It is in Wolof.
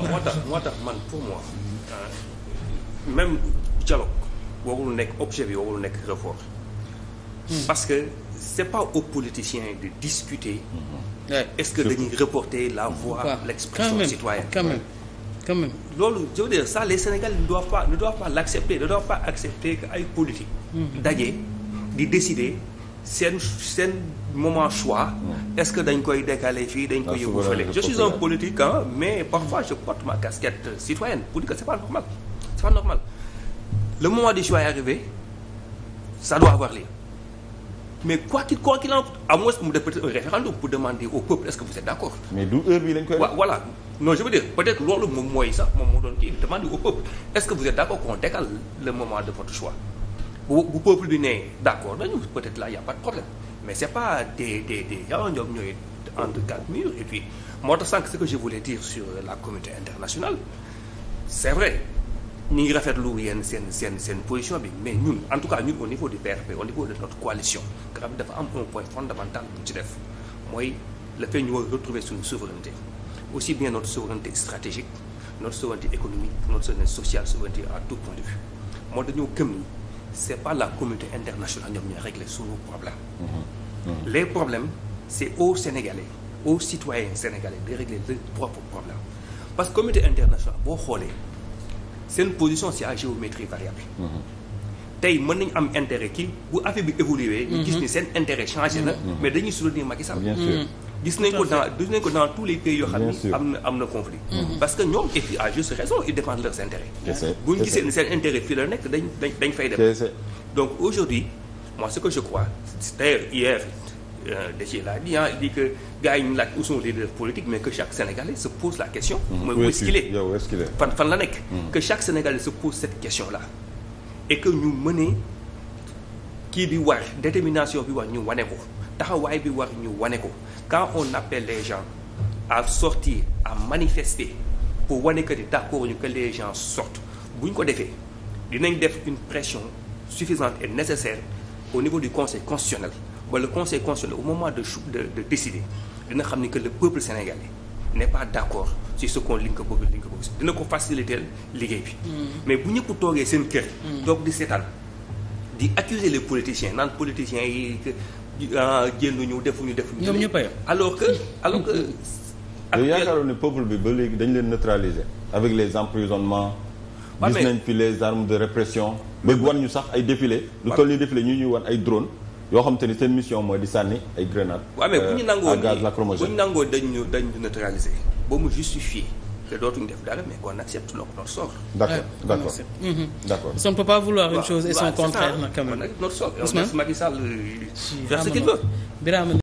non moo tax moo tax man pour moi euh, même dialogue warul nekk objet bi warul nekk rapport hmm. parce que c'est pas aux politiciens de discuter hmm. est-ce que dañuy reporter la hmm. voix l'expression citoyenne quand même quand loolu je veux dire ça les Sénégalais ne doivent pas l'accepter ne doivent pas accepter ay politique daje di décider seen seen moment choix. est-ce que dañ koy décaler fii dañ koy yóbbu fële. je suis un politique hein, mais parfois je porte ma casquette citoyenne pour dire que c'est pas normal c'est pas le moment du choix est arrivé ça doit avoir lieu mais quoi qu'il quoi qu'il en coûte à moins mu def peut-être un référendum peuple est vous êtes d'accord. mais du heure bi lañ koy. waaw non je veux dire peut-être loolu moom mooy sax moom moo doon kii demander au peuple est vous êtes d'accord qu'on décale le moment de votre choix. bu bu peuple bi ne d'accord nañu peut-être là y a pas de problème mais c'est pas des des des yow ñoom ñooy entre quatre murs et puis moo tax sànq ce que je voulais dire sur la communauté internationale c'est vrai ñu ngi rafetlu yenn seen seen seen position bi mais ñun en tout cas ñun au niveau du PRP au niveau de notre coalition nga xam ne dafa am un point fondamental bu ci def mooy le fait ñu war retrouver suñu souveraineté aussi bien notre souveraineté stratégique notre souveraineté économique notre à tout point de vue moo dañoo gëm ni c'est pas la communauté internationale ñoom ñooy régler suñu problème mm-hmm. Mm-hmm. les problèmes c'est aux Sénégalais aux citoyens sénégalais de régler leurs propres problèmes parce que communauté internationale boo xoolee seen position c'est à géométrie variable mm-hmm. tey mën nañu am intérêt ki bu affaire bi évoluer ñu ni seen intérêt changé na mm-hmm. mais dañuy soutenir Macky Sall bien sûr mm-hmm. gis nañ ko dans gis nañ ko dans tous les pays yoo ni am na am na conflit mm-hmm. parce que ñoom et puis à juste raison ils défendent leurs intérêts bu ñu ni seen intérêt fii la nekk dañ dañ dañ fay dem donc aujourd'hui moi ce que je crois d'ailleurs hier euh, Déthié l'a dit que gars yi ñu laaj où sont mais que chaque Sénégalais se pose la question mooy où est fan fan la nekk que chaque Sénégalais et que ñu mënee kii bi war détermination bi war ñu wane ko taxawaay bi war ñu wane ko quand on appelle les gens à sortir à manifester pour wane que ni d'accord ñu que les gens sortent bu ñu ko defee dinañ def une pression suffisante et nécessaire au niveau du conseil constitutionnel wala conseil constitutionnel au moment de de de décider dina xam ni que le peuple sénégalais. n'est pas d'accord si ce qu'on li nga ko bëgg li nga ko bëgg dina ko faciliter liggéey bi. Mm. mais bu ñëpp toogee seen kër. Mm. toog di seetaan di accuser les politiciens naan politiciens yi génnuñu ah, defuñu defuñu. ñoom ñëpp alors que alors que. yow yaakaaroon ne peuple bi ba léegi dañ leen neutraliser avec les emprisonnements. gis nañ fi les armes de répression. bëgg wan ñu sax ay défilé. lu toll ni défilé ñu ñuy wan ay drone yoo xam te ni seen mission mooy di sànni ay grenades. waaw mais bu ñu euh, nangoo gaz lacrymogène bu ñu nangoo dañ ñu dañ ñu neutraliser ba mu justifier que dootuñu def dara mais qu'on accepte notre notre sort. d'accord d'accord mhm. d'accord. peut pas vouloir une chose et son contraire nag quand même. notre sort et on laisse Macky Sall euh, faire ce qu'il veut.